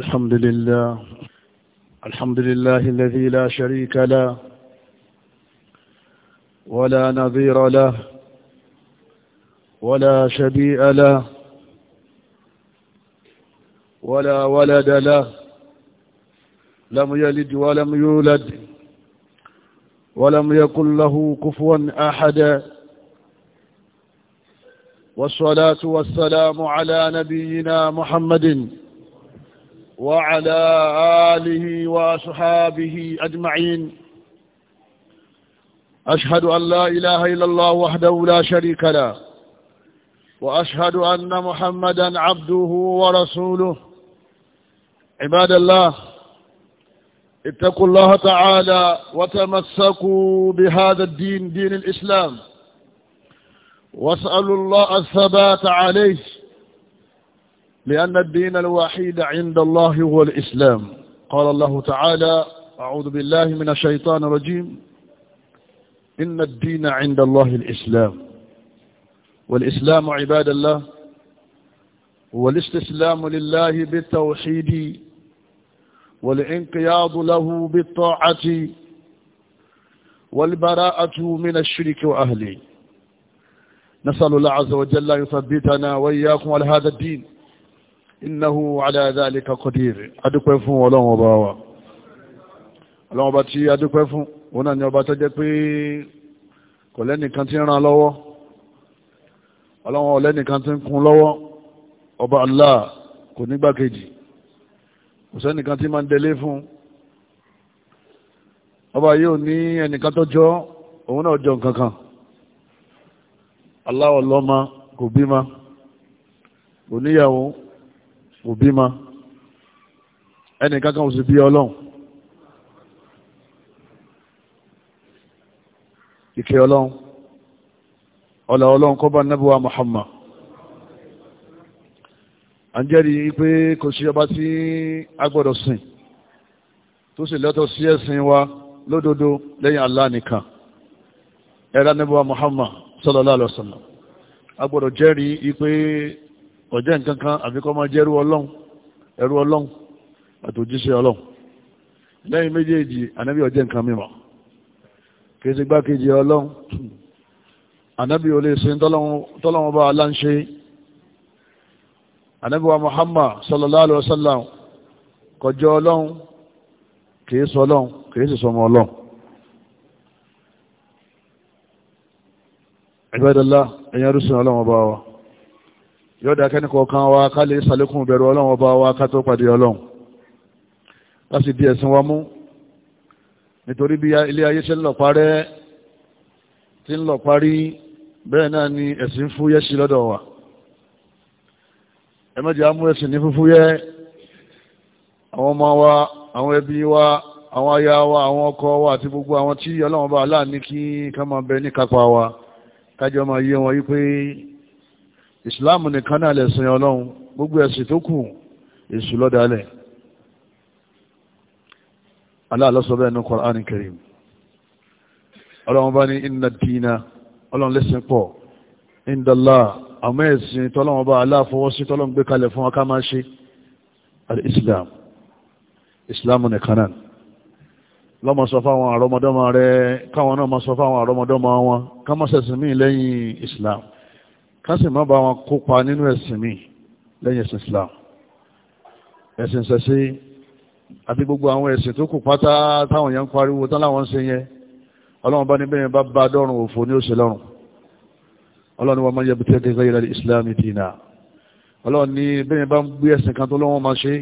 الحمد لله الحمد لله الذي لا شريك له ولا نظير له ولا شبيء له ولا ولد له لم يلد ولم يولد ولم يكن له كفوا أحدا والصلاة والسلام على نبينا محمد وعلى آله وأصحابه أجمعين أشهد أن لا إله إلا الله وحده لا شريك له وأشهد أن محمدا عبده ورسوله عباد الله اتقوا الله تعالى وتمسكوا بهذا الدين دين الإسلام واسألوا الله الثبات عليه لأن الدين الوحيد عند الله هو الإسلام قال الله تعالى أعوذ بالله من الشيطان الرجيم إن الدين عند الله الإسلام والإسلام عباد الله هو الاستسلام لله بالتوحيد والانقياض له بالطاعة والبراءة من الشرك وأهله نسأل الله عز وجل يثبتنا وإياكم على هذا الدين innahu ala dhalika qadir adúpẹ́ fún ọlọ́run ọba wa ọlọ́run ọba tí adúpẹ́ fún òun náà ni ọba tó jẹ́ pé kò lẹ́nìkan tí ń ran lọ́wọ́ ọlọ́run ọlẹ́nìkan tí ń kún lọ́wọ́ ọba Allah kò nígbàkejì kò sẹ́nìkan tí máa ń délé fún ọba yóò ní ẹnìkan tó jọ òun náà jọ nǹkan kan Allah ọlọ́mọ kò bímọ kò níyàwó kò ma, ẹnì kankan ò sì bí ọlọ́run ìkẹ́ ọlọ́run ọlọ́ ọlọ́run kọ́ bá nẹ́bùwá Muhammad à ń jẹ́rìí pé kò sí ọba tí a gbọ́dọ̀ sìn tó sì lẹ́tọ̀ sí wa lódodo lẹ́yìn Allah nìkan ẹ̀rọ nẹ́bùwá Muhammad a gbọ́dọ̀ jẹ́rìí ọ̀jẹ́ nǹkan kan àfi kọ́ máa jẹ́ ẹrú ọlọ́run ẹrú ọlọ́run àtòjíṣẹ́ ọlọ́run lẹ́yìn méjèèjì ànábì ọ̀jẹ́ nǹkan mímọ́ kìí ṣe gbákejì ọlọ́run ànábì ò lè ṣe tọ́lọ́run bá aláǹṣe ànábì wa Muhammad sallallahu alayhi wa sallam kọjọ ọlọ́run kìí sọ ọlọ́run kìí sì sọmọ ọlọ́run ibadallah ẹ̀yìn arúsùn ọlọ́run ọba wa yọ́dá kẹ́ni kọ̀ọ̀kan wa ká lè sàlékún bẹ̀rù ọlọ́run ọba wa ká tó pàdé ọlọ́run láti di ẹ̀sìn wa mú nítorí bí ilé ayé ṣe ń lọ parẹ́ tí ń lọ parí bẹ́ẹ̀ náà ni ẹ̀sìn fúyẹ́ sí lọ́dọ̀ wa ẹ má jẹ́ á mú ẹ̀sìn ní fúfúyẹ́ àwọn ọmọ wa àwọn ẹbí wa àwọn aya wa àwọn ọkọ wa àti gbogbo àwọn tí ọlọ́run ọba aláàní kí ká máa bẹ ní kápá wa kájọ máa yé wọn yí pé ìsìláàmù nìkan náà lẹ̀sìn ọlọ́run gbogbo ẹ̀sìn tó kù èṣù lọ́dàálẹ̀ aláàlọ́sọ̀bẹ̀ ẹnu Qur'an Karim ọlọ́run bá ní inna dina ọlọ́run lẹ́sìn pọ̀ indala àmọ́ ẹ̀sìn tọ́lọ́run bá aláàfọwọ́sí tọ́lọ́run gbé kalẹ̀ fún aká máa ṣe al-islam islam nìkan náà lọ́mọ sọ fáwọn àrọmọdọ́mọ rẹ̀ káwọn náà mọ sọ fáwọn àrọmọdọ́mọ wọn ká mọ́ sẹ̀sìn míì lẹ́yìn islam kásì má bá wọn kópa nínú ẹ̀sìn mi lẹ́yìn ẹ̀sìn Islam ẹ̀sìn ṣẹ̀ṣe àti gbogbo àwọn ẹ̀sìn tó kù pátá táwọn èèyàn ń pariwo tán láwọn ń ṣe yẹn ọlọ́run bá ní bẹ́ẹ̀ bá bá dọ́rùn òfò ní òṣè lọ́rùn ọlọ́run ni wọ́n máa yẹbi tẹ́tẹ́ gbé ìlàlẹ̀ Islam dìínà ọlọ́run ní bẹ́ẹ̀ bá ń gbé ẹ̀sìn kan tó lọ́wọ́ máa ṣe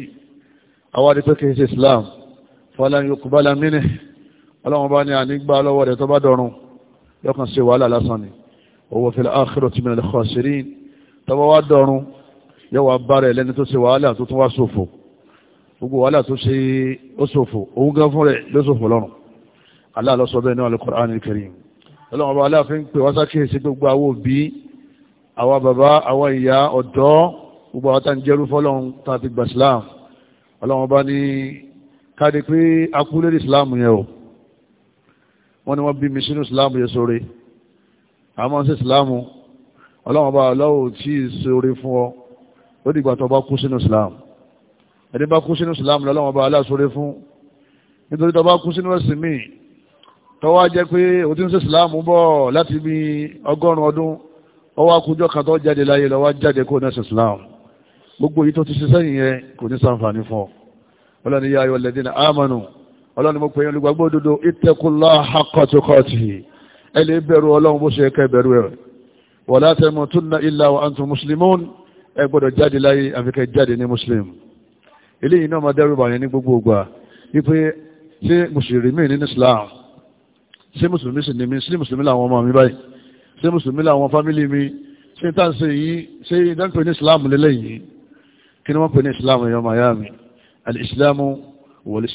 àwárí pé kìí Islam falan yuqbala minhu ọlọ́run bá ní owó fil akhirati minal khasirin tọ́wọ́ wá dọ̀run yóò wá bá rẹ̀ lẹ́ni tó ṣe wàhálà tó tún wá ṣòfò gbogbo wàhálà tó ṣe ó ṣòfò òun gan fún rẹ̀ ló ṣòfò lọ́rùn Allah ló sọ bẹ́ẹ̀ ní al-Qur'an al-Karim ọlọ́run ọba aláàfin pè wá sákèèsí gbogbo àwọn òbí àwọn bàbá àwọn ìyá ọ̀dọ́ gbogbo àwọn tá ń jẹ́rú fọ́lọ́run tá a ti gbà Islam ọlọ́run ọba ní káàdì pé akúlé Islam yẹn o wọ́n ní wọ́n bí mi sínú Islam yẹn sóre àmọ́ sí ìsìláàmù ọlọ́run bá lọ́wọ́ tí ìṣòro fún ọ ó dìgbà tó bá kú sínú ìsìláàmù ẹni bá kú sínú ìsìláàmù lọ́wọ́ bá aláṣọre fún nítorí tó bá kú sínú ẹ̀sìn míì tó wá jẹ́ pé o ti ń sí ìsìláàmù bọ̀ láti bí ọgọ́rùn-ún ọdún ó wá kújọ́ kan tó jáde láyé ló wá jáde kó nẹ́sìn ìsìláàmù gbogbo yìí tó ti ṣiṣẹ́ yìnyẹn kò ní sàǹfààní fún ọ ọlọ́ni yá ayọ̀ lẹ́dínà ámánù ọlọ́ni mo pè é olùgbàgbọ́ òdodo ittaqullaha haqqa ẹ lè bẹ̀rù ọlọ́run bó ṣe kẹ́ bẹ̀rù rẹ̀ wala tamutunna illa wa antum muslimun ẹ gbọ́dọ̀ jáde láyé àfikẹ́ jáde ní muslim eléyìí náà máa dẹ́rù bàyẹn ní gbogbo ìgbà wípé ṣé mùsùlùmí ní islam ṣé mùsùlùmí sì ní mi ṣé mùsùlùmí làwọn ọmọ mi báyìí ṣé mùsùlùmí làwọn fámìlì mi ṣé tá ń ṣe yìí ṣé ìdánpẹ ní islam lélẹ́yìí kí ni wọ́n pè ní islam ẹ̀yọ́ miami al-islamu wal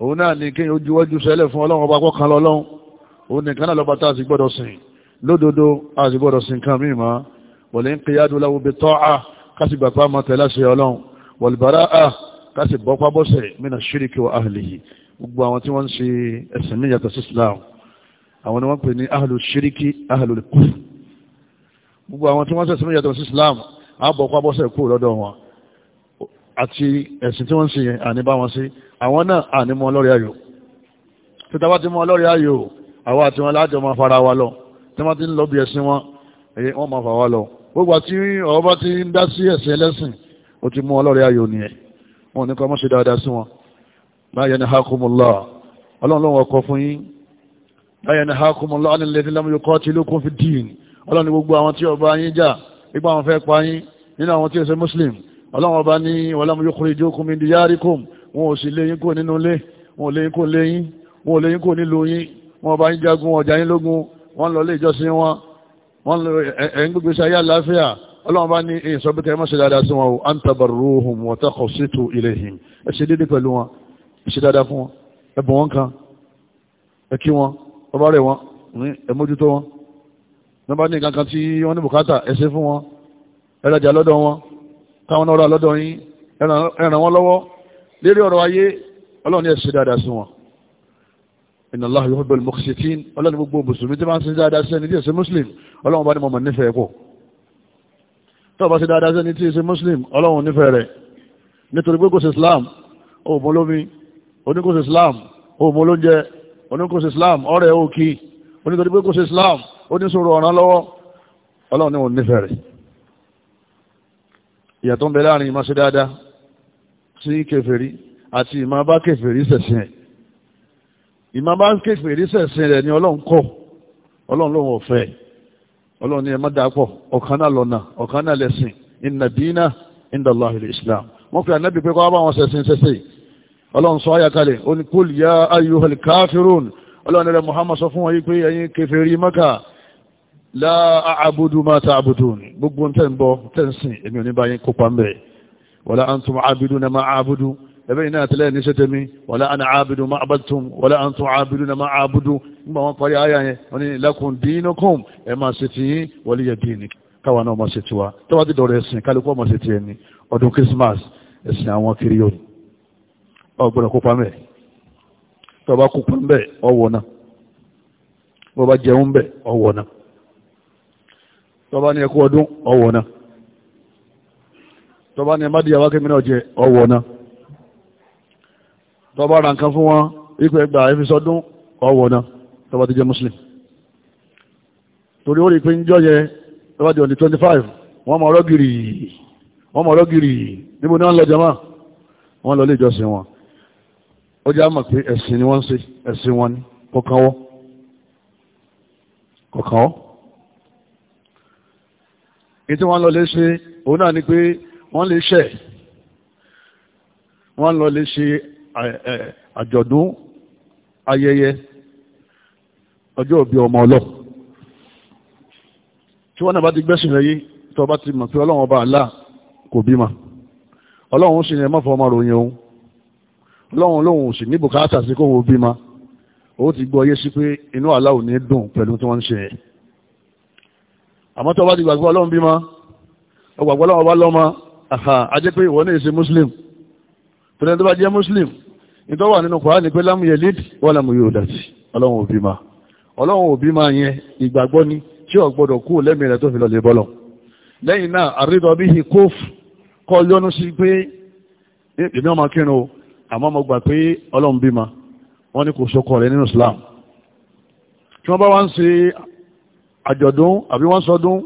òun náà ni kéèyàn ojúwọ́jú sẹ́lẹ̀ fún ọlọ́run ọba kọ́kan lọ́lọ́run òun nìkan náà lọ́ba tá a sì gbọ́dọ̀ sìn lódodo a sì gbọ́dọ̀ sìn kan míì mọ́ wọ̀lẹ́ ń kéyàdó láwo bí tọ́ a kásì gbàgbá máa tẹ̀lé ṣe ọlọ́run wọ̀lùbárà a kásì bọ́pá bọ́sẹ̀ mìíràn ṣíríkì wa ahlihi gbogbo àwọn tí wọ́n ṣe ẹ̀sìn ní yàtọ̀ sí Islam àwọn ni wọ́n pè ní ahlu ṣíríkì ahlu kúfù gbogbo àwọn tí wọ́n ṣẹ̀sìn ní yàtọ̀ sí Islam àbọ̀pá bọ́sẹ̀ kúrò lọ́dọ̀ wọn àti ẹ̀sìn tí wọ́n ń ṣe yẹn àní bá wọn sí àwọn náà àní mọ ọlọ́rẹ̀ ayò títa bá ti mọ ọlọ́rẹ̀ ayò àwọn àti wọn láàjọ máa fara wa lọ tí wọ́n ti ń lọ bí ẹ̀sìn wọn èyí wọ́n máa fà wá lọ gbogbo àti ọ̀rọ̀ bá ti ń dá sí ẹ̀sìn ẹlẹ́sìn ó ti mú ọlọ́rẹ̀ ayò nìyẹn wọn ní kọ́ mọ́ dáadáa sí wọn láyé ní hákùmùlá ọlọ́run ló wọ́n fún yín láyé ní hákùmùlá muslim ọlọ́run ọba ní walam yukhrijukum min diyarikum wọn ò sì léyìn kò nínú ilé wọn ò léyìn kò léyìn wọn ò léyìn kò nílùú yín wọn bá yín jagun ọjà yín lógun wọn lọ lé ìjọsìn wọn wọn lọ ẹ̀yìn gbogbo iṣẹ́ ayé àlàáfíà ọlọ́run bá ní èyí sọ́bí kẹ́mọ́ ṣe dáadáa sí wọn o an tabarruhum wa taqsitu ilayhim ẹ ṣe dédé pẹ̀lú wọn ẹ ṣe dáadáa fún wọn ẹ bọ̀ wọn kan ẹ kí wọn ọba rẹ̀ wọn ẹ káwọn ọ̀rọ̀ àlọ́dọ̀ yín ẹ̀ràn wọn lọ́wọ́ lérí ọ̀rọ̀ ayé ọlọ́run yẹ ṣe dáadáa sí wọn inna Allah yuhibbul muqsitin ọlọ́run gbogbo mùsùlùmí tí máa ń ṣe dáadáa sí ẹni tí èsè muslim ọlọ́run bá ní mọ̀mọ̀ nífẹ̀ẹ́ kọ̀ tó bá ṣe dáadáa sí ẹni tí èsè muslim ọlọ́run nífẹ̀ẹ́ rẹ̀ nítorí pé kò sí islam òòmù olómi oníkòsí islam òòmù olóúnjẹ oníkòsí ìyàtọ̀ ń bẹ láàrin ìmọ̀ ṣe dáadáa sí kèfèrí àti ìmọ̀ bá kèfèrí ṣẹ̀sìn ẹ̀ ìmọ̀ bá kèfèrí ṣẹ̀sìn rẹ̀ ni ọlọ́run kọ̀ ọlọ́run lòun ò fẹ́ ọlọ́run ni ẹ má dáa pọ̀ ọ̀kan náà lọ́nà ọ̀kan náà lẹ́sìn inna dina inda Allahi al-Islam wọ́n fi ànábì pé kọ́ bá wọn ṣẹ̀sìn ṣẹ̀sìn ọlọ́run sọ ayà kalẹ̀ ó ní kúl ọlọ́run rẹ̀ Muhammad sọ fún wọn yí pé ẹ̀yin kèfèrí Mákà láà àbúdú máa ta àbúdú gbogbo tẹ́ǹbọ́ tẹ́ǹsìn èmi ò ní báyìí kópa ń bẹ̀ wọ́lá antum àbúdú na máa àbúdú ẹ̀bẹ́ iná àtìlẹ́ ní ṣẹ́tẹ̀mí wọ́lá àna àbúdú máa àbátùm wọ́lá antum àbúdú na máa àbúdú nígbà wọn parí ayà yẹn wọ́n ní lakum dinukum ẹ máa ṣe ti yín wọ́lé yẹ dínì káwa náà máa ṣe ti wa tó ti dọ̀rọ̀ ẹ̀sìn tọba ní ẹkú ọdún ọwọ̀ tọba ní ẹmádìyàwó kémìnà jẹ ọwọ̀ tọba ra nǹkan fún wọn ipò ẹgbà ẹfisọdún ọwọ̀ tọba ti jẹ muslim torí ó rí pé ń jọ yẹ tọba di ọ̀dí 25 wọ́n mọ̀ ọlọ́gìrì wọ́n mọ̀ ọlọ́gìrì níbo ni wọ́n lọ jama wọ́n lọ lé ìjọsìn wọn ó jẹ́ àmọ̀ pé ẹ̀sìn ni wọ́n ń ṣe ẹ̀sìn wọn èyí tí wọ́n lọ lè ṣe òun náà ni pé wọ́n lè ṣẹ̀ wọ́n lọ lè ṣe àjọ̀dún ayẹyẹ ọjọ́ òbí ọmọ ọlọ́ tí wọ́n náà bá ti gbẹ́sìn rẹ̀ yìí tí wọ́n bá ti mọ̀ pé ọlọ́run ọba àlá kò bímọ ọlọ́run sì ní ẹmọ́ fọmọ ròyìn òun ọlọ́run lóhun sì ní bùkátà sí kóhun bímọ ó ti gbọ́ yé sí pé inú àlá ò ní dùn pẹ̀lú tí wọ́n ń ṣe yẹn àmọ́ tó bá ti gbàgbọ́ ọlọ́run bímọ ọgbàgbọ́ ọlọ́run bá lọ́mọ ajẹ́ pé ìwọ náà ṣe muslim tó ní tó bá jẹ́ muslim ìtọ́ wà nínú Kùránì pé lámù yẹlid wà lámù yóò dàtí ọlọ́run ò bímọ ọlọ́run ò bímọ yẹn ìgbàgbọ́ ni tí ò gbọ́dọ̀ kú lẹ́mìí rẹ̀ tó fi lọ́lẹ̀ bọ́lọ̀ lẹ́yìn náà àrídọ́ bí i kóf kọ́ yọnu sí pé èmi ọmọ kírun o àmọ́ mo gbà pé ọlọ́run bímọ wọ́n ní kò sókọ̀ rẹ̀ nínú Islam tí wọ́n bá wá ń ṣe àjọ̀dún àbí wọ́n sọdún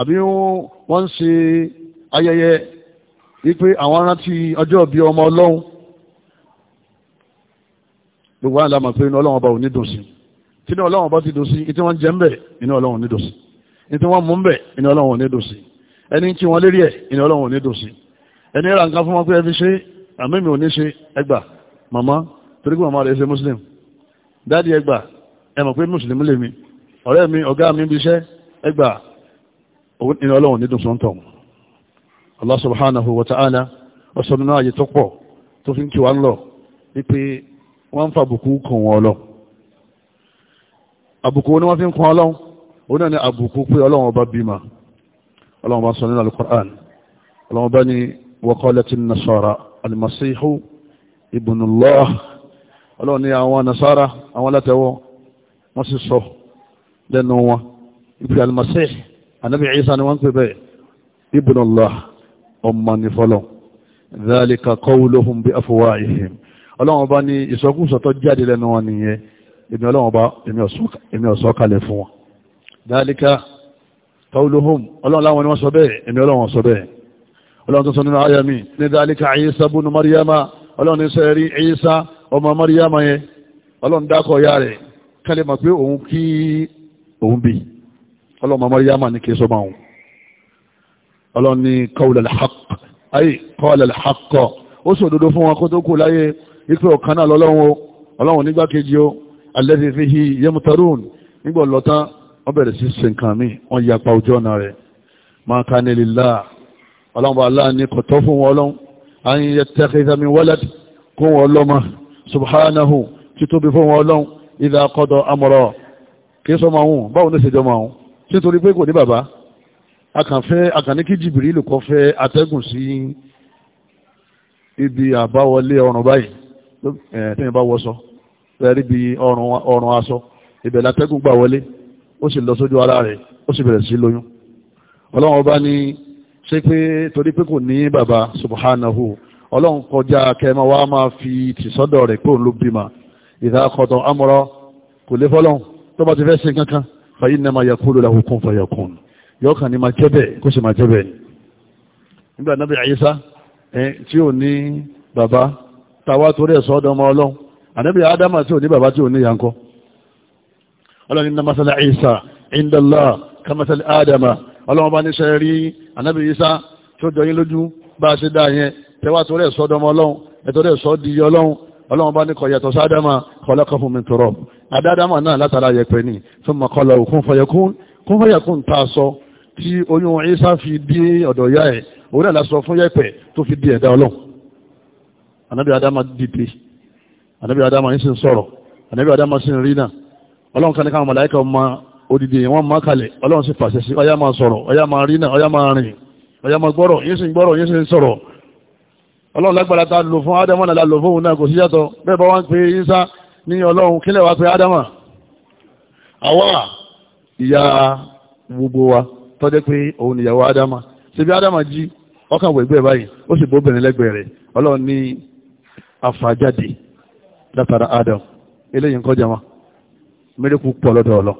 àbí wọ́n ń ṣe ayẹyẹ wípé àwọn rántí ọjọ́ bíi ọmọ ọlọ́run gbogbo àwọn àlámà pé inú ọlọ́run ọba ò ní dùn sí tí inú ọlọ́run ọba ti dùn sí ìtí wọ́n jẹ́ ń bẹ̀ inú ọlọ́run ò ní dùn sí ìtí wọ́n mú ń bẹ̀ inú ọlọ́run ò ní dùn sí ẹni tí wọ́n lérí ẹ̀ inú ọlọ́run ò ní dùn sí ẹni ra nǹkan fún wọn pé ẹ fi ṣe àmì mi ò ní ṣe ẹgbà màmá torí pé màmá rẹ̀ ṣe muslim dáàdi ẹgbà ẹ mọ̀ pé muslim lèmi ọ̀rẹ́ mi ọ̀gá mi bí iṣẹ́ ẹgbà ní ọlọ́run ní dùnsọ́ tọ̀ Allah subhanahu wa ta'ala ọ̀sọ̀ nínú ààyè tó pọ̀ tó fi ń kí wa ń lọ wípé wọ́n ń fa àbùkù kan wọn lọ àbùkù ni wọ́n fi ń kan ọlọ́run òun náà ni àbùkù pé ọlọ́run ọba bímọ ọlọ́run ọba àwọn nasara àwọn látẹ̀wọ́ wọ́n sì sọ lẹ́nu wọn ibi al-Masih anabi Isa ni wọ́n ń pè bẹ́ẹ̀ ibn Allah ọmọ ní fọlọ́ dhalika qawluhum bi afwahihim ọlọ́wọ́n bá ní ìsọkúsọ tó jáde lẹ́nu wọn nìyẹn èmi ọlọ́wọ́n bá èmi ọ̀sọ́ kalẹ̀ fún wọn dhalika qawluhum ọlọ́wọ́n láwọn òun bí ọlọ́mọ mọ́ríyámà ní kí sọ máa hùn ọlọ́run ní kọ́ọ̀lẹ̀ àkọ́ ó sì òdodo fún wọn kó tó kú láyé ipe ọ̀kan náà lọ́lọ́run o ọlọ́run nígbàkejì o alẹ́fi fi hi yẹmutarun nígbà lọ́tán wọ́n bẹ̀rẹ̀ sí ṣe nǹkan mi wọ́n ya pa ojú ọ̀nà rẹ̀ máa ka ní lílá ọlọ́run bá ní kò tọ́ fún wọn ọlọ́run àyìn yẹ tẹ́kẹ́sẹ́mi walad kó wọn ọlọ́mọ subhanahu títóbi fún wọn ọlọ́run idha qada amra kìí sọ máa hùn báwo ló ṣe jọ máa hùn nítorí pé kò ní bàbá akànfẹ́ akànní kí jìbìrì ló kọ́ fẹ́ atẹ́gùn sí ibi àbáwọlé ọrùn báyìí tẹ́yìn bá wọṣọ rẹ́rí bí ọrùn aṣọ ibẹ̀ látẹ́gùn gbà wọlé ó sì lọ sójú ara rẹ̀ ó sì bẹ̀rẹ̀ sí lóyún ọlọ́run ọba ní ṣé pé torí pé kò ní bàbá subhanahu ọlọ́run kọjá kẹmọ wa máa fi tìsọ́dọ̀ rẹ̀ pé òun ló bímọ ìdákọ̀tọ̀ amọ̀rọ̀ kò lè fọ́lọ́run tó bá ti fẹ́ ṣe kankan fàyín náà máa yakúlò lahu kun fayakun yọkàn ni máa jẹ́ bẹ́ẹ̀ kó sì máa jẹ́ bẹ́ẹ̀ ni nígbà náà bí àyíṣá tí ò ní bàbá tàwa torí ẹ̀ sọ́dọ̀ ọmọ ọlọ́run ànábì ádámà tí ò ní bàbá tí ò ní yankọ́ ọlọ́run ní masala àyíṣá indala kamasala ádámà ọlọ́run bá níṣẹ́ rí ànábì àyíṣá tí jọ yín lójú bá a ṣe dá yẹn tẹ́wà torí ẹ̀ sọ́dọ̀ ọmọ ọlọ́run ẹ̀tọ́rẹ́ sọ́ di ọlọ́run ọlọ́run bá ní kọ yàtọ̀ sádámà kọlọ́kọ̀fún mi tọrọ adádámà náà látara yẹpẹ ní fún makọlọ òkun fọyẹkún kún fọyẹkún tá a sọ tí oyún isa fi dé ọ̀dọ̀ ya ẹ̀ òun náà lásọ fún yẹpẹ tó fi di ẹ̀dá ọlọ́run anabi adama dìde anabi adama ń sin sọ̀rọ̀ anabi adama sin rí náà ọlọ́run kan ní káwọn màláìka ọmọ odidi wọn má kalẹ̀ ọlọ́run sì pàṣẹ sí ọyá máa sọ̀rọ̀ ọyá máa rí náà ọyá máa rìn ọyá máa gbọ́rọ̀ yín sì ń gbọ́rọ̀ yín sì ń sọ̀rọ̀ ọlọ́run lágbára ta lò fún ádámà náà lò fún òun náà kò sí yàtọ̀ bẹ́ẹ̀ bá wá ń pe Ìsá ní ọlọ́run kílẹ̀ wá pé ádámà àwa ìyá gbogbo wa tọ́jẹ́ pé òun ìyàwó ádámà síbi ádámà jí ọkàn wò ìgbẹ́ báyìí ó sì bóbìnrin lẹ́gbẹ̀ẹ́ rẹ̀ ọlọ́run ní afájáde látara ádám eléyìí nǹkan jama mẹ́rẹ́kù pọ̀ lọ́dọ̀ ọ̀lọ́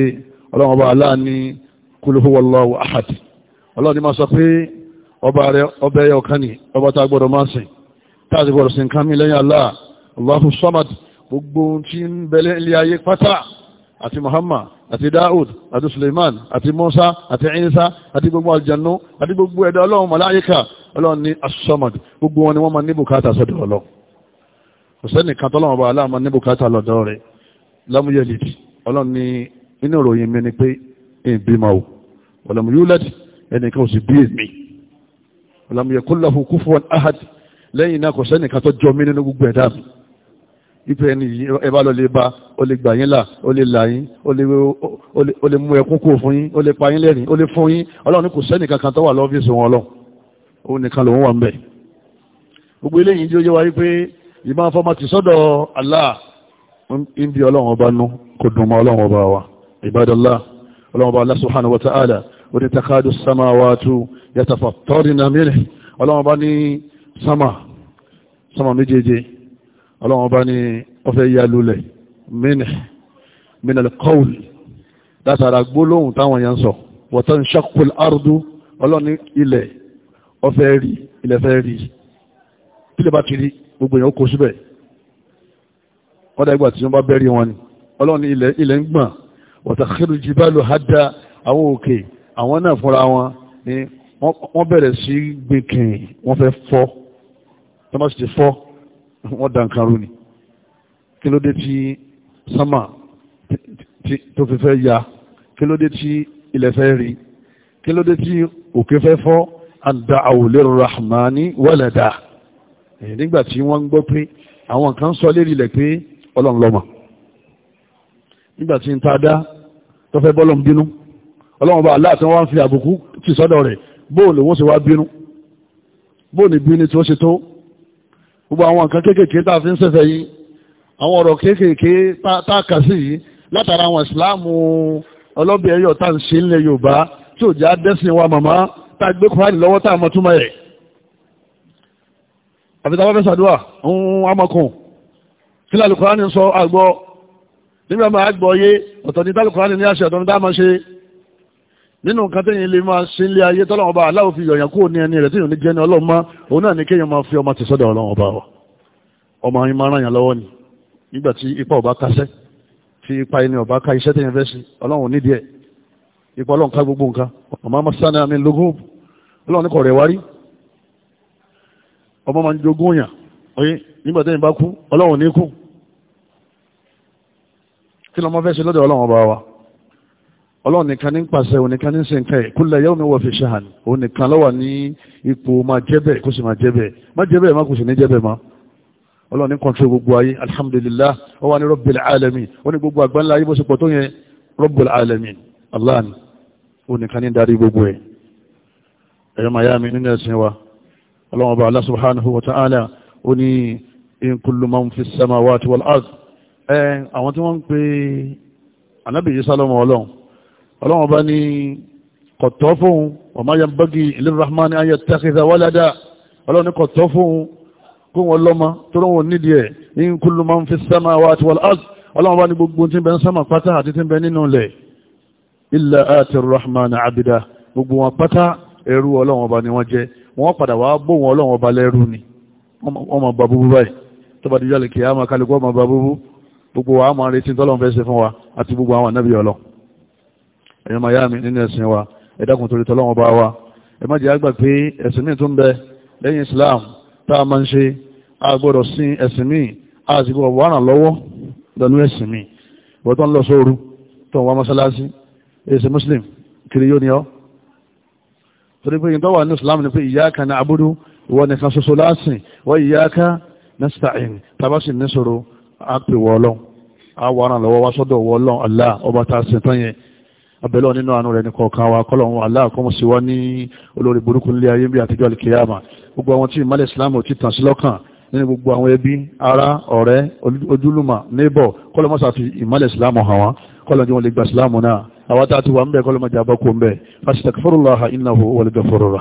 ẹ̀yọ́ kul huwa Allahu ahad ọlọ́run ni máa sọ pé ọba rẹ ọbẹ̀ ẹyọ kan ní ọba tá a gbọ́dọ̀ máa sìn tá a ti gbọ́dọ̀ sìn kan mi lẹ́yìn Allah Allahu samad gbogbo tí ń bẹ̀lẹ̀ ilé ayé pátá àti Muhammad àti Daud àti Suleiman àti Musa àti Isa àti gbogbo aljannu àti gbogbo ẹ̀dá ọlọ́run màláyíkà ọlọ́run ní as-samad gbogbo wọn ni wọ́n máa ní bùkátà sọ́dọ̀ ọlọ́run kò ìbímọ o ọ̀làmù yúlẹ̀dì ẹnìkan ò sì bí èmi ọ̀làmù yẹkúnláhù kúfọ̀n ahad lẹ́yìn náà kò sẹ́nìkan tó jọ mí nínú gbogbo ẹ̀dá mi ipe ẹni yìí ẹ bá lọ lè ba ó lè gbà yín là ó lè là yín ó lè mú ẹkún kó fún yín ó lè pa yín lẹ́rìn ó lè fún yín ọlọ́run kò sẹ́nìkan kan tó wà lọ́fíìsì wọn lọ òun nìkan lòun wà ń bẹ̀. gbogbo eléyìí tí ó yé wa wípé ìbá fọmọtì sọ́dọ̀ Allah ń bí ọlọ́run ọba nú kò dùn mọ́ ọlọ́run ọba wa ìbádọ́lá ọlọ́wọ́n bá Allah subhanahu wa ta'ala ó ní takadu samawatu yatafattarna minhu ọlọ́wọ́n bá ní sama sama méjèèjì ọlọ́wọ́n bá ní ọfẹ́ ya lulẹ̀ minhu min al-qawl látara gbólóhùn táwọn yẹn sọ wa tanshaqqu al-ardu ọlọ́ni ilẹ̀ ọfẹ́ rí ilẹ̀ fẹ́ rí tí lè bá ti rí gbogbo èèyàn kó síbẹ̀ ọdá ìgbà tí wọ́n bá bẹ́rí wọn ni ọlọ́ni ilẹ̀ ilẹ̀ ń gbọ̀n wọ̀tàkìrì jìbálù hada àwọn òkè àwọn náà fúnra wọn ni wọ́n bẹ̀rẹ̀ sí gbẹ̀kìn wọ́n fẹ́ fọ́ wọ́n bá sì ti fọ́ wọ́n dankaru ni kí ló dé tí sánmà tó fi fẹ́ ya kí ló dé tí ilẹ̀ fẹ́ rí kí ló dé tí òkè fẹ́ fọ́ àdá àwòlẹ̀ rahmani wàlẹ̀dà nígbà tí wọ́n ń gbọ́ pé àwọn kan sọ lérí ilẹ̀ pé ọlọ́run lọ́mọ nígbà tí ń ta dá tó fẹ́ bọ́lọ̀ ń bínú ọlọ́run bá aláàtí wọ́n wá ń fi àbùkù ti sọ́dọ̀ rẹ̀ bóòlù wọ́n sì wá bínú bóòlù bínú tí ó ṣe tó gbogbo àwọn nǹkan kéékèèké tá a fi ń ṣẹ̀fẹ̀ yìí àwọn ọ̀rọ̀ kéékèèké tá a kà sí yìí látara àwọn ìsìláàmù ọlọ́bẹ̀ ẹ̀yọ̀ tá à ń ṣe ńlẹ̀ yorùbá tí ò já dẹ́sìn wa màmá tá a gbé kúránì lọ́wọ́ tá a mọ túmọ̀ ẹ̀ àfi tá a bá fẹ́ ṣàdúrà ń amakùn kí lálùkùránì sọ àgbọ̀ nígbà máa gbọ́ yé ọ̀tọ̀ ní tálùkọ́ ní ní àṣẹ ọ̀tọ̀ ní dáàmà ṣe nínú nǹkan tẹ́yìn lè máa ṣe ilé ayé tọ́lọ́run ọba aláwọ̀ fi yọ̀yàn kúrò ní ẹni rẹ̀ tí yóò ní jẹ́ni ọlọ́run mọ́ òun náà ní kéèyàn máa fi ọmọ tìsọ́dọ̀ ọlọ́run wa ọmọ yín máa ràn yàn lọ́wọ́ ni nígbà tí ipa ọba kaṣẹ́ tí ipa ẹni ọba ka iṣẹ́ tẹ́yìn fẹ́ sí ọlọ́run ní díẹ̀ ipa ọlọ́run ká gbogbo nǹkan ọmọ máa sáni àmì lógún ọlọ́run kọ̀ rẹ̀ wárí ọmọ máa ń jogún yàn nígbà tẹ́yìn bá kú ọlọ́run ní kú kí lọ́mọ fẹ́ ṣe lọ́dọ̀ ọlọ́run ọba wa ọlọ́run nìkan ní pàṣẹ ònìkan ní sèǹkẹ́ kulla yawmin huwa fi sha'n ònìkan ló wà ní ipò máa jẹ́bẹ̀ kó sì máa jẹ́bẹ̀ má jẹ́bẹ̀ má kò sì ní jẹ́bẹ̀ má ọlọ́run ní kọ́ńtró gbogbo ayé alhamdulillah ó wà ní rabbil alamin ó ní gbogbo àgbáńlá ayé bó ṣe pọ̀ tó yẹn rabbil alamin Allah ni ní darí gbogbo ẹ̀ ẹ̀yọ́ mayami nínú ẹ̀sìn àwọn tí wọ́n ń pe anábìyí sálọ́mù ọlọ́run ọlọ́run bá ní kọ̀tọ́ fóun ọmọ yẹn bọ́gì ilé-rahman ayé tẹ́kẹ̀ẹ́sẹ̀ wáládà ọlọ́run ní kọ̀tọ́ fóun kó wọn lọ́mọ tó lọ́wọ́ nídìí ẹ̀ ní kúlù máa ń fi sẹ́mà wá àti wọ́n áàt ọlọ́run bá ní gbogbo tí ń bẹ ń sẹ́mà pátá àti tí ń bẹ nínú ilẹ̀ àti rahman abida gbogbo wọn pátá ẹrú ọlọ́run ọba ni wọ́n jẹ́ wọ́n padà wá bó wọn ọlọ́run ọba lẹ́rú ni wọ́n máa ba búbú báyìí tó bá dijọ́ lè kí á máa kálukú ọmọ ba búbú gbogbo wa máa retí tọ́lọ́n fẹ́ ṣe fún wa àti gbogbo àwọn ànábì ọlọ́ ẹ̀yọ́ máa yá mi nínú ẹ̀sìn wa ẹ dákun torí tọ́lọ́wọ́n bá wa ẹ má jẹ́ àgbà pé ẹ̀sìn míì tún bẹ lẹ́yìn Islam tá a máa ń ṣe a gbọ́dọ̀ sin ẹ̀sìn míì a sì gbọ́dọ̀ wà ràn lọ́wọ́ pẹ̀lú ẹ̀sìn míì ìwọ́n tó ń lọ sóoru tó ń wá mọ́sálásí èsì Muslim kiri yóò ní ọ́ torí pé ìdánwà ní Islam ni pé iyyaka na'budu ìwọ nìkan ṣoṣo lásìn wọ́n iyyaka nasta'in tàbá sì ní sọ̀rọ̀ á pè wọ ọlọ́run á wà ràn lọ́wọ́ wá sọ́dọ̀ wọ ọlọ́run Allah ọba tá a ṣe tán yẹn abẹ́lọ́ nínú àánú rẹ̀ ní kọ̀ọ̀kan wa kọ́lọ̀hún Allah kó mú sí wa ní olórí burúkú nílé ayé bí àtijọ́ alìkìyàmà gbogbo àwọn tí ìmọ̀lẹ̀ Islam ò ti tàn sí lọ́kàn nínú gbogbo àwọn ẹbí ará ọ̀rẹ́ ojúlùmọ̀ níbọ̀ kọ́lọ̀mọ́sà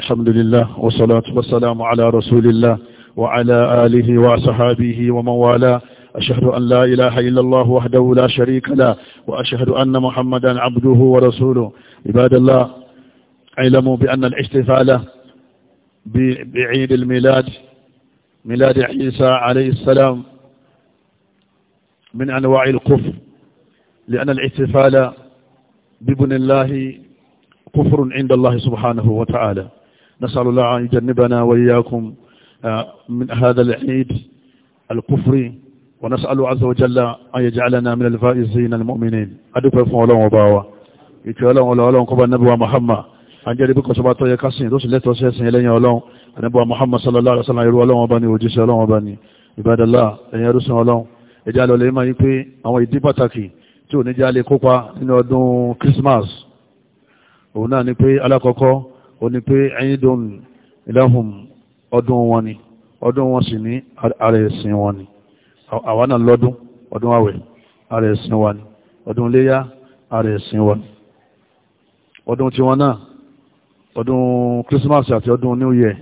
الحمد لله Islam hàn على رسول الله وعلى آله وصحابه ومن والاه أشهد أن لا إله إلا الله وحده لا شريك له وأشهد أن محمدا عبده ورسوله عباد الله اعلموا بأن الاحتفال بعيد الميلاد ميلاد عيسى عليه السلام من أنواع الكفر لأن الاحتفال بابن الله كفر عند الله سبحانه وتعالى نسأل الله أن يجنبنا وإياكم من هذا العيد الكفري ونسأل عز وجل أن يجعلنا من الفائزين المؤمنين أدوك فون الله وباوا يكي الله ولا قبل النبي محمد أن جاري بكم سبعة يكسين دوس الله وسيسين إليه الله النبي محمد صلى الله عليه وسلم يروى الله وباني وجيس الله وباني إباد الله أن يرسل الله ìjà lọ lè máa yí pé àwọn ìdí pàtàkì tí ò كريسماس. já lè kópa nínú ọdún Christmas لهم ọdún wọn ni ọdún wọn sì ní ara ẹ̀sìn wọn ni àwa náà lọ́dún ọdún àwẹ̀ ara ẹ̀sìn wa ni ọdún léyá ara ẹ̀sìn wa ni ọdún tí wọn náà ọdún Christmas àti ọdún New Year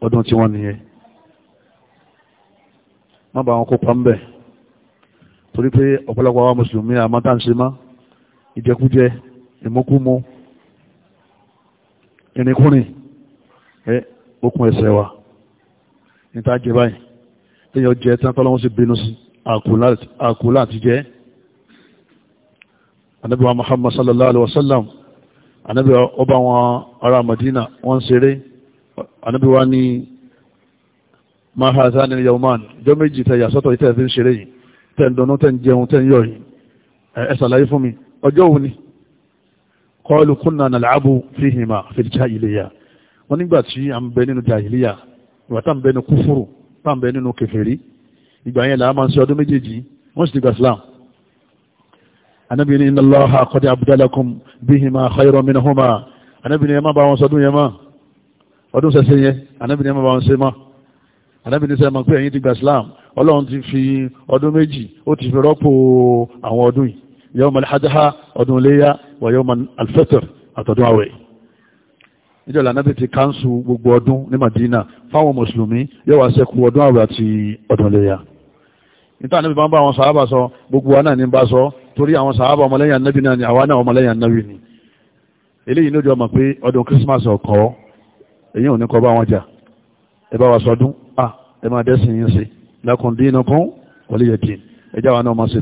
ọdún tí wọn nìyẹn má bá wọn kópa ń bẹ̀ torí pé ọ̀pọ̀lọpọ̀ àwọn mùsùlùmí àmọ́tàǹṣemá ìjẹkújẹ ìmúkúmu ìrìnkúrìn okùn ẹsẹ̀ wa níta jẹ báyìí téèyàn jẹ tán tọ́lọ́wọ́n sì bínú sí àkùlá àti jẹ́ anabi wa muhammad sallallahu alaihi wasallam anabi ọba wọn ará madina wọ́n ṣeré anabi wa ni ma ha za ni yauman jọ méjì tẹ yàsọ́tọ̀ ìtẹ́ fi ń ṣeré yìí tẹ́ ń dọ̀nà tẹ́ ń jẹun tẹ́ ń yọ yìí ẹ ṣàlàyé fún mi ọjọ́ òun ni kọlu kunna nal'abu fihima fil jahiliya wọ́n nígbà tí a ń bẹ nínú jahiliya ìwà tá ń bẹ ní kúfúrù tá ń bẹ nínú kèfèrí ìgbà yẹn là á máa ń ṣe ọdún méjèèjì wọ́n sì ti gba Islam anábìnrin inna Allaha qad abdalakum bihima khayran minhuma anábìnrin yẹn má bá wọn sọdún yẹn má ọdún sẹsẹ yẹn anábìnrin yẹn má bá wọn ṣe má anábìnrin sẹ ma pé ẹ̀yin ti gba Islam ọlọ́run ti fi ọdún méjì ó ti fi rọ́pò àwọn ọdún yìí yawmal níjọba anábì ti kánṣu gbogbo ọdún ní Madina fáwọn mùsùlùmí yóò wá ṣẹ́kù ọdún àwẹ̀ àti ọdún níta anábì bá ń bá àwọn sàábà sọ gbogbo wa náà ní bá sọ torí àwọn sàábà ọmọlẹ́yìn anábì náà ni àwa náà ọmọlẹ́yìn anábì ni eléyìí ní ojú ọmọ pé ọdún Christmas ọkọ èyí ò ní kọ bá wọn jà ẹ bá wa sọdún à ah, ẹ máa dẹ́sìn yín sí lakum dinukum waliya din ẹjá wa náà máa ṣe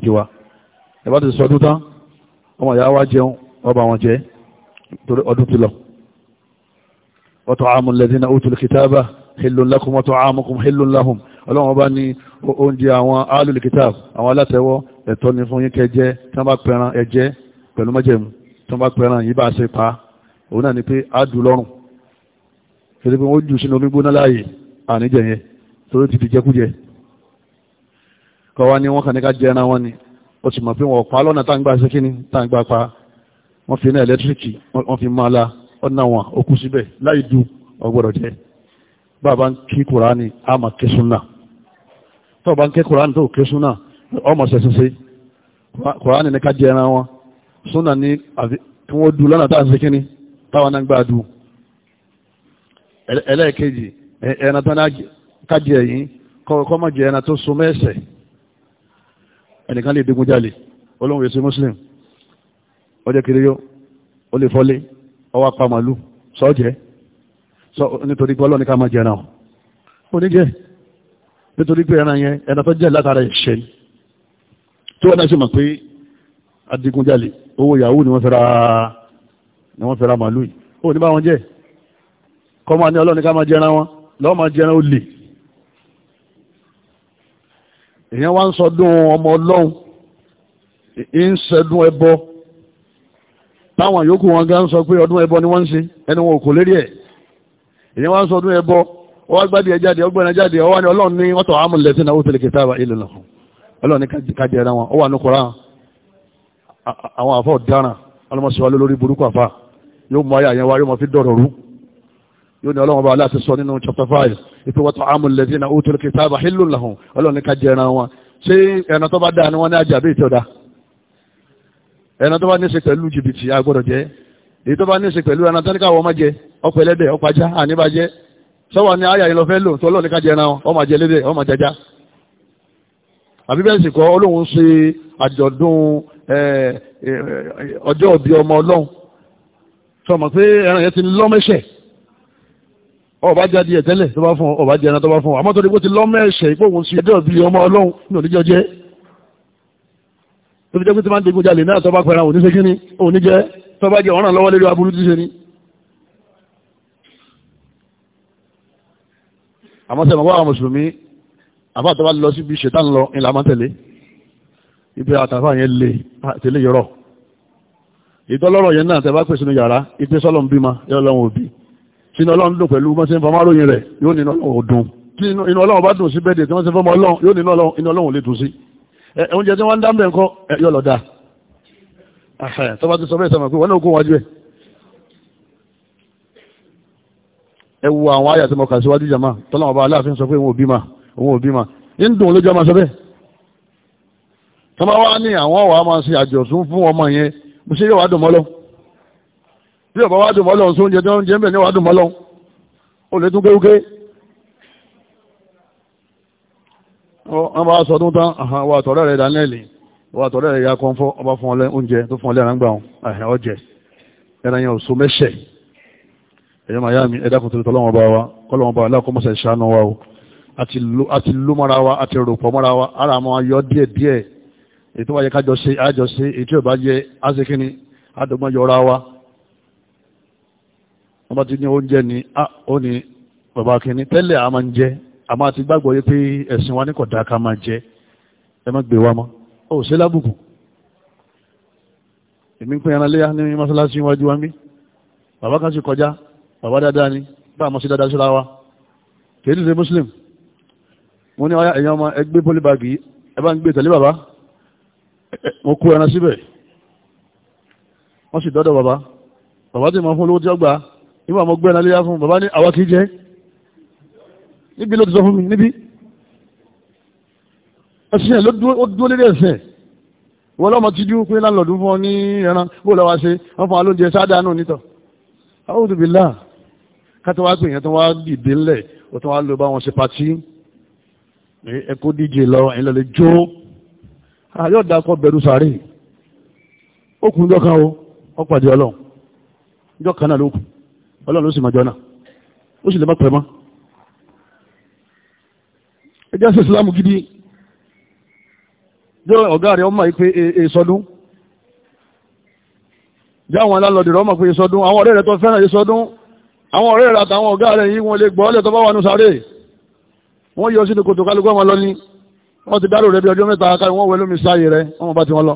ọdún ti lọ وطعام الذين أوتوا الكتاب حل لكم وطعامكم حل لهم ọlọ́run ọba ní oúnjẹ àwọn alùlùkítàb àwọn alátẹ̀wọ́ ẹ̀tọ́ ni fún yín kẹjẹ tí wọ́n bá pẹran ẹjẹ pẹ̀lú mọ́jẹ̀mú tí wọ́n bá pẹran yìí bá ṣe pa òun náà ni pé á dù lọ́rùn torí pé wọ́n jù sínú omi gbóná láàyè àníjẹ yẹn torí ti fi jẹkújẹ kọ́ ni wọ́n ọ̀nà wọn òkú síbẹ̀ láì du ọgbọ́dọ̀ jẹ́ bàbá ń kí kùránì a máa ké súnà tó bá ń ké kùránì tó ké súnà ọmọ sẹ̀sẹ̀sẹ̀ kùránì ní ká jẹ ẹran wọn súnà ní kí wọ́n du lọ́nà táà ń sekínì táwọn náà gbà du ẹlẹ́ẹ̀kejì ẹran tó náà kájẹ yìí kọ́ mọ̀ jẹ ẹran tó so mẹ́sẹ̀ ẹnìkan lè digun jalè olóhùn èsì muslim ó kiri yó ó lè fọ́lé ọwọ́ apá màálù sọ́jẹ́ sọ nítorí pé ọlọ́ni ká máa jẹran ó ní jẹ́ nítorí pé ẹran yẹn ẹran tó jẹ́ látara ẹ̀ṣẹ̀ ni tí wọ́n náà sì mọ̀ pé adigunjalè owó yahoo ni wọ́n fẹ́ra ni wọ́n fẹ́ra màálù yìí ó ní bá wọn jẹ́ kọ́ máa ní ọlọ́ni ká máa jẹran wọn lọ́ọ́ máa jẹran ó lè èèyàn wá ń sọdún ọmọ táwọn yòókù wọn gan sọ pé ọdún ẹbọ ni wọ́n ń ṣe ẹni wọn ò kò lérí ẹ̀ èyí wọ́n sọ ọdún ẹbọ ó wá gbádìí ẹjáde ọgbẹ́ni jáde ọwọ́ ni ọlọ́run ní ọ̀tọ̀ amúlẹ̀sìn náà ó tẹ̀lé kìtàbà ilẹ̀ lọ ọlọ́run ní kájẹ ẹran wọn ó wà nùkọ́ra àwọn àfọ̀ dáràn ọlọ́mọṣẹ́wá lórí burúkú àfà yóò mọ ayé àyẹ̀wò ayé wọn fi dọ̀rọ̀ chapter five ìpè wọ́tọ̀ amúlẹ̀sìn náà ó tẹ̀lé kìtàbà ilẹ̀ lọ́hùn ọlọ́run ní kájẹ ẹran wọn ṣé ẹran tó bá ẹran tó bá ní í ṣe pẹ̀lú jìbìtì agbọ́dọ̀ jẹ́ èyí tó bá ní ṣe pẹ̀lú ẹran tẹ́lẹ̀ káwọ́ máa jẹ ọ̀pọ̀ ẹlẹ́dẹ̀ àníbàjẹ́ sọ́wọ́ ni ayà ìlọ́fẹ́ lò tó ọlọ́ọ̀ni ká jẹ ẹran ọmọ ajẹ ẹlẹ́dẹ̀ ọmọ ajá àbí bẹ́ẹ̀ sì kọ́ Ọlọ́hun ṣe àjọ̀dún ọjọ́ òbí ọmọ Ọlọ́hun sọ mọ̀ pé ẹran yẹn ti lọ́mẹ́ṣẹ̀ ọba jẹ́ ọba jẹ́ ẹran tó bá fún àmọ́ tó fi jẹ́ pé tí máa ń digun jalè náà tó bá pẹ̀ra òní ṣe kíní òní jẹ́ tó bá jẹ ọ̀ràn lọ́wọ́ lérí aburú tí ṣe ní àmọ́ sẹ́mọ̀ wá àwọn mùsùlùmí àfáàtọ́ bá lọ síbi ṣètàn lọ ilà máa tẹ̀lé ibi àtàfà yẹn lè tẹ̀lé yọrọ̀ ìtọ́lọ́rọ̀ yẹn náà tẹ́ bá pèsè ní yàrá ìpè sọ́lọ́n bímọ yọ lọ́wọ́ òbí sínú ọlọ́run dùn pẹ̀lú mọ́sẹ́ fọmáròyìn rẹ̀ yóò nínú ọlọ́run dùn tí inú ọlọ́run bá dùn sí bẹ́ẹ̀dẹ̀ tí wọ́n ṣe fọmọ ọlọ́run yóò nínú ọlọ́run lè dùn sí oúnjẹ tí wọ́n ń dá mbẹ̀ ńkọ́ yọ lọ dáa tó bá ti sọ bẹ́ẹ̀ sọ ma pé wọ́n náà kún wájú ẹ̀ ẹ wo àwọn àyà tí mo kà síwájú jama tọ́lọ́wọ́n bá aláàfin sọ pé òun ò bímọ òun ò bímọ ń dùn lójú ọmọ sọ bẹ́ẹ̀ tó bá wá wọ́n bá sọ ọdún tán àwọn rẹ̀ dánilẹ́lì wọ́n àtọ̀rẹ́ rẹ̀ ya kan fọ́ ọba fún ọlẹ́ oúnjẹ tó fún ọlẹ́ àrángbà ọ̀hẹ́ ọjẹ́ ẹran yẹn òṣù mẹ́ṣẹ̀ ẹ̀yọ́ màá yá mi ẹ̀dá wa kọ́lọ́wọ́n bá wa o àti lú mọ́ra wa àti ròpọ̀ mọ́ra wa ara àwọn ayọ́ díẹ̀ díẹ̀ èyí tó wáyé kájọ ni ó ní tẹ́lẹ̀ a máa ń jẹ àmọ́ àti gbàgbọ́ yé pé ẹ̀sìn wa ní kọ̀dá ká máa jẹ ẹ má gbé wa mọ́ ó ṣe lábùkù èmi ń pín ẹran léyà ní mọ́ṣáláṣí iwájú wa ń bí bàbá kan sì kọjá bàbá dáadáa ni bá àmọ́ sí dáadáa síra wa kìí ṣe muslim mo ní ọyá ẹ̀yàn ọmọ ẹgbẹ́ pólíbàgì ẹ bá ń gbé tẹ̀lé bàbá mo kó ẹran síbẹ̀ wọ́n sì dọ́dọ̀ bàbá bàbá tí mo fún olówó tí ó gbà nígbà mo gbé ẹran léyà fún bàbá ní àwa kìí jẹ́ níbi ló ti sọ fún mi níbi ẹsẹ̀ ló dúró lédè ẹsẹ̀ wọ́n lọ́mọ ti dúró pé láńlọ́ọ̀dún fún ọ ní ẹran bó lọ́wọ́ ṣe wọ́n fún wa lóúnjẹ sáádà náà nítọ̀ a'udhu billah kátó wá pè yẹn tó wá dìde ńlẹ̀ ó tó wá lọ bá wọn ṣe patí ẹkọ díje lọ ẹ̀yìn lọ́lẹ̀ jó ayọ́ dakọ̀ bẹ̀rù sàárè ó kún jọ́ kan o ó pàdé ọlọ́run jọ́ kan náà ló kù ọlọ́run ló sì máa jọ náà ó sì lè má pẹ́ mọ́ ẹjẹ́ sí islam gidi jẹ́ ọ̀gá rẹ̀ ọmọ yìí pé èsọdún jẹ́ àwọn alálọ́dì rẹ̀ ọmọ pé èsọdún àwọn ọ̀rẹ́ rẹ̀ tó fẹ́ràn èsọdún àwọn ọ̀rẹ́ rẹ̀ àtàwọn ọ̀gá rẹ̀ yìí wọ́n lè gbọ́ ọ́lẹ̀ tó bá wà nù sáré wọ́n yọ sínú kòtò kálukú ọmọ lọ ní wọ́n ti dárò rẹ̀ bí ọjọ́ mẹ́ta kárí wọ́n wẹ̀lú mi sáyé rẹ̀ wọ́n bá ti wọ́n lọ.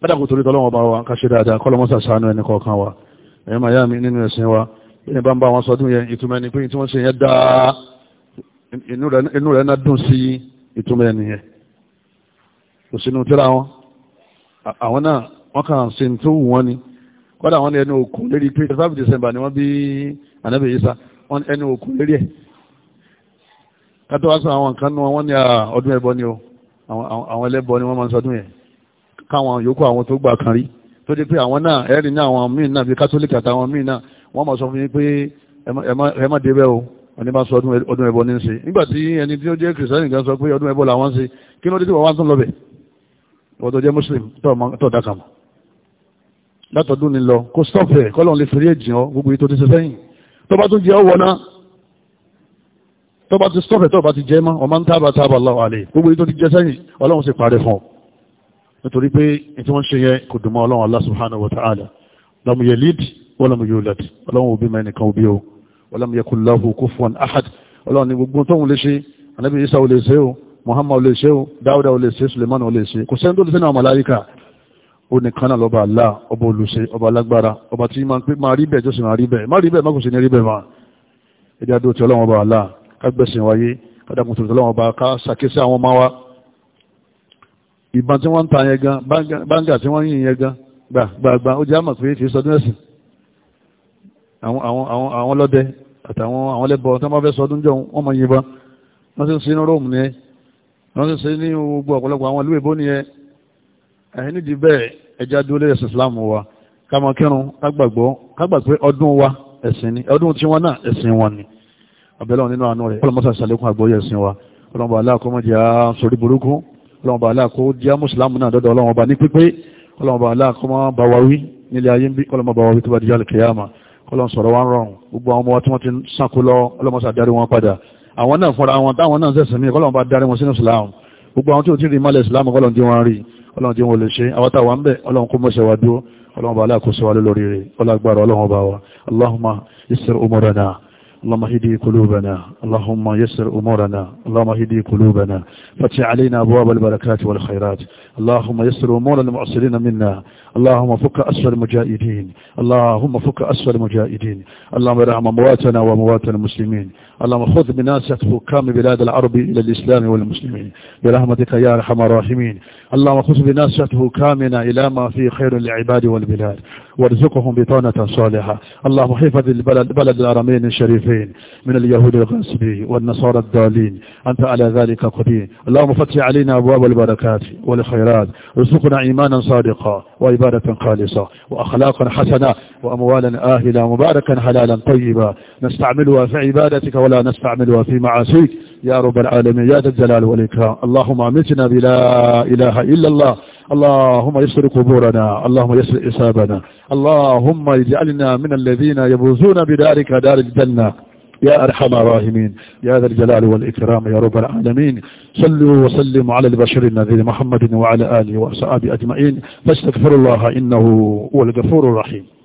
bẹ́ẹ̀ kò torí tọ́lọ́wọ́n bá wa ká ṣe dáadáa kọ́lọ́mọ́sà sànú ẹni kọ̀ọ̀kan wa ẹ̀yìn màá yá mi nínú ẹ̀sìn wa bí ẹni bá ń bá wọn sọdún yẹn ìtumọ̀ ẹni pé tí wọ́n ṣe yẹn dáa inú rẹ̀ náà dùn sí ìtumọ̀ ẹnìyẹn kò sínú tíra wọn àwọn náà wọ́n kàn sí tó wù wọ́n ni kọ́dà wọ́n ní ẹnu òkú lérí pé five december ni wọ́n bí anabi isa wọ́n ní ẹnu òkú lérí ẹ̀ kátó wá sọ àwọn nǹkan nu wọn ní ọdún ẹbọ ni o àwọn ẹlẹ́bọ ni wọ́n máa ń sọdún yẹn káwọn yòókù àwọn tó gbà kan rí tó dé pé àwọn náà ẹ̀rí ní àwọn míì náà bíi kátólíkì àtàwọn míì náà wọ́n máa sọ fún yín pé ẹ má débẹ̀ o wọ́n ní bá sọ ọdún e- ẹbọ ní ṣe nígbà tí ẹni tí ó jẹ́ kìrìsìtẹ́nì kan sọ pé ọdún ẹbọ làwọn ṣe kí ló dé tí wọ́n wá ń tún lọ bẹ̀ wọ́n tó jẹ́ muslim tó dákà mọ́ látọ̀dún ni lọ kó stọ́ọ̀fẹ̀ kọ́lọ́n lè fèrè jìn ọ gbogbo ètò ti ṣe sẹ́yìn tó bá tún jẹ́ ọwọ́ náà tó bá ti stọ́ọ̀fẹ̀ tó bá ti jẹ́ mọ́ ọmọ ń tábà tábà lọ́wọ́ àlè gbogbo ètò ti jẹ́ sẹ́yìn ọlọ́run sì parẹ́ fún ọ nítorí pé ètò wọn ṣe yẹ kò dùnmọ́ ọlọ́run Allah subhanahu wa ta'ala lamu yelid wọ́n lamu yulad ọlọ́run òbí mẹ́nìkan òbí o walam yakun lahu kufuwan ahad ọlọ́run ní gbogbo tóun lè ṣe anabi isa ò lè ṣe o muhammad ò lè ṣe o dáúdà ò lè ṣe suleiman ò lè ṣe kò sẹ́ni tó náà màláíkà ó ní kánà lọ́ba àlá ọba olùṣe ọba alágbára ọba tí máa rí bẹ́ẹ̀ tó sì máa rí bẹ́ẹ̀ má rí bẹ́ẹ̀ má kò sì ní rí bẹ́ẹ̀ máa ẹ̀dá dó ti ọlọ́run ọba àlá kágbẹ́sìn wáyé kádàkùn àwọn ọmọ àtàwọn àwọn ẹlẹ́bọ̀ tí wọ́n bá fẹ́ sọdún jọ wọ́n mọ̀ yìnbọn wọ́n sì ń sin Róòmù ni ẹ wọ́n sì ń sin ní gbogbo ọ̀pọ̀lọpọ̀ àwọn ìlú èbó ni ẹ ẹ̀yìn nídìí bẹ́ẹ̀ ẹja dúró lẹ́yìn ẹ̀sìn Islam wa ká máa kírun ká gbàgbọ́ ká gbà pé ọdún wa ẹ̀sìn ni ọdún tiwọn náà ẹ̀sìn wọn ni àbẹ̀lẹ̀ nínú àánú rẹ̀ ọlọ́mọ sàṣàlékún àgbọ́yé ẹ̀sìn wa ọlọ́mọba aláàkó mọ̀ jẹ́ sórí burúkú ọlọ́mọba aláàkó jẹ́ mùsùlùmí náà dọ́dọ̀ ọlọ́mọba ní pípé ọlọ́mọba aláàkó mọ̀ bá wa wí nílé ayé ń bí kọ́lọ́n sọ̀rọ̀ wá ń rọrùn gbogbo àwọn ọmọ tí wọ́n ti ń sánkó lọ ọlọ́mọsà darí wọn padà àwọn náà fúnra wọn táwọn náà sẹ̀sìn mí kọ́lọ́n darí wọn sínú islam gbogbo àwọn tí ò tí rí mọ́lẹ̀ islam kọ́lọ́n dín wọn rí ọlọ́run dín wọn lè ṣe àwọn táwọn ń bẹ̀ ọlọ́run kó mọ́ṣẹ́ wa dúró ọlọ́run aláàkóso wa lórí rẹ̀ ọlọ́gbàrọ̀ ọlọ́run wa allahumma isir umurana اللهم هدي قلوبنا اللهم يسر أمورنا اللهم هدي قلوبنا فتح علينا أبواب البركات والخيرات اللهم يسر أمور المعسرين منا اللهم فك أسفل المجاهدين اللهم فك أسفل المجاهدين اللهم ارحم مواتنا وموات المسلمين اللهم خذ بناسة حكام بلاد العرب إلى الإسلام والمسلمين برحمتك يا أرحم الراحمين اللهم خذ بناسة حكامنا إلى ما فيه خير للعباد والبلاد وارزقهم بطانة صالحة اللهم حفظ البلد بلد الحرمين الشريفين من اليهود الغاسبي والنصارى الضالين أنت على ذلك قدير اللهم فتح علينا أبواب البركات والخيرات ارزقنا إيمانا صادقا وعبادة خالصة وأخلاقا حسنة وأموالا آهلة مباركا حلالا طيبا نستعملها في عبادتك ولا نستعملها في معاصيك يا رب العالمين يا ذا الجلال والإكرام اللهم أمتنا بلا إله إلا الله اللهم يسر قبورنا اللهم يسر إصابنا اللهم اجعلنا من الذين يبوزون بدارك دار الجنة يا أرحم الراحمين يا ذا الجلال والإكرام يا رب العالمين صلوا وسلموا على البشر النذير محمد وعلى آله وأصحابه أجمعين فاستغفر الله إنه هو الغفور الرحيم